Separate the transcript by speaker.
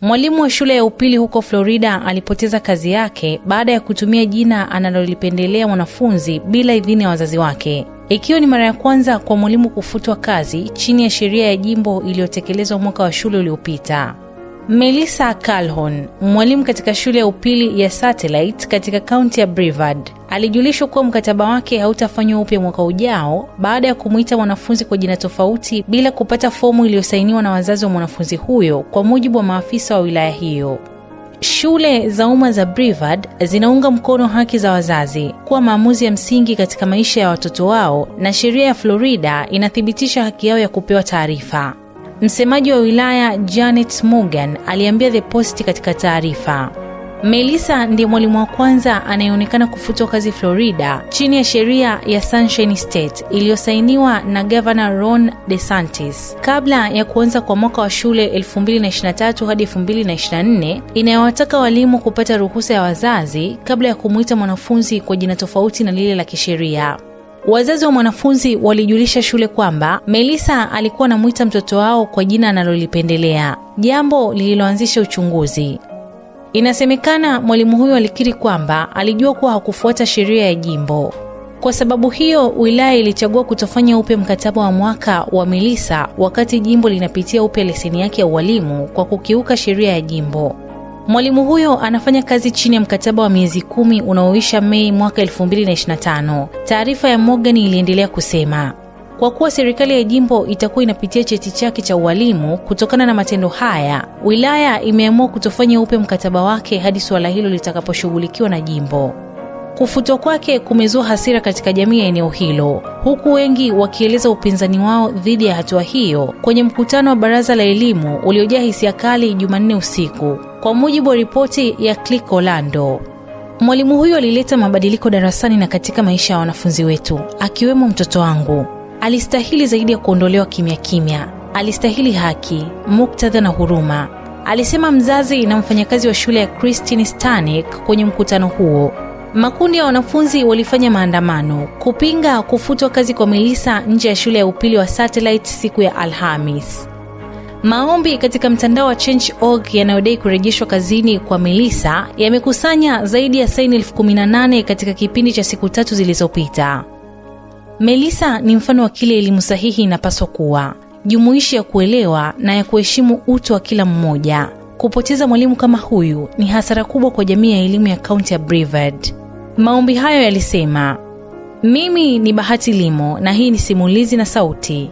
Speaker 1: Mwalimu wa shule ya upili huko Florida alipoteza kazi yake baada ya kutumia jina analolipendelea wanafunzi bila idhini ya wazazi wake, ikiwa ni mara ya kwanza kwa mwalimu kufutwa kazi chini ya sheria ya jimbo iliyotekelezwa mwaka wa shule uliopita. Melissa Calhoun, mwalimu katika shule ya upili ya Satellite katika kaunti ya Brevard, alijulishwa kuwa mkataba wake hautafanywa upya mwaka ujao baada ya kumwita mwanafunzi kwa jina tofauti bila kupata fomu iliyosainiwa na wazazi wa mwanafunzi huyo, kwa mujibu wa maafisa wa wilaya hiyo. Shule za umma za Brevard zinaunga mkono haki za wazazi kuwa maamuzi ya msingi katika maisha ya watoto wao na sheria ya Florida inathibitisha haki yao ya kupewa taarifa. Msemaji wa wilaya Janet Morgan aliambia The Post katika taarifa Melissa ndiye mwalimu wa kwanza anayeonekana kufutwa kazi Florida chini ya sheria ya Sunshine State iliyosainiwa na Governor Ron DeSantis kabla ya kuanza kwa mwaka wa shule 2023 hadi 2024 inayowataka walimu kupata ruhusa ya wazazi kabla ya kumwita mwanafunzi kwa jina tofauti na lile la kisheria. Wazazi wa mwanafunzi walijulisha shule kwamba Melissa alikuwa anamwita mtoto wao kwa jina analolipendelea, jambo lililoanzisha uchunguzi. Inasemekana mwalimu huyo alikiri kwamba alijua kuwa hakufuata sheria ya jimbo. Kwa sababu hiyo, wilaya ilichagua kutofanya upya mkataba wa mwaka wa MILISA wakati jimbo linapitia upya leseni yake ya ualimu kwa kukiuka sheria ya jimbo. Mwalimu huyo anafanya kazi chini ya mkataba wa miezi kumi unaoisha Mei mwaka 2025. Taarifa ya Morgan iliendelea kusema kwa kuwa serikali ya jimbo itakuwa inapitia cheti chake cha ualimu kutokana na matendo haya, wilaya imeamua kutofanya upe mkataba wake hadi suala hilo litakaposhughulikiwa na jimbo. Kufutwa kwake kumezua hasira katika jamii ya eneo hilo, huku wengi wakieleza upinzani wao dhidi ya hatua hiyo kwenye mkutano wa baraza la elimu uliojaa hisia kali Jumanne usiku, kwa mujibu wa ripoti ya Click Orlando. Mwalimu huyo alileta mabadiliko darasani na katika maisha ya wanafunzi wetu, akiwemo mtoto wangu Alistahili zaidi ya kuondolewa kimya kimya, alistahili haki, muktadha na huruma, alisema mzazi na mfanyakazi wa shule ya Christine Stanek kwenye mkutano huo. Makundi ya wanafunzi walifanya maandamano kupinga kufutwa kazi kwa Melissa nje ya shule ya upili wa Satellite siku ya Alhamis. Maombi katika mtandao wa Change.org yanayodai kurejeshwa kazini kwa Melissa yamekusanya zaidi ya saini 18 katika kipindi cha siku tatu zilizopita. Melisa ni mfano wa kile elimu sahihi inapaswa kuwa jumuishi, ya kuelewa na ya kuheshimu utu wa kila mmoja. Kupoteza mwalimu kama huyu ni hasara kubwa kwa jamii ya elimu ya kaunti ya Brevard. Maombi hayo yalisema: mimi ni Bahati Limo na hii ni simulizi na sauti.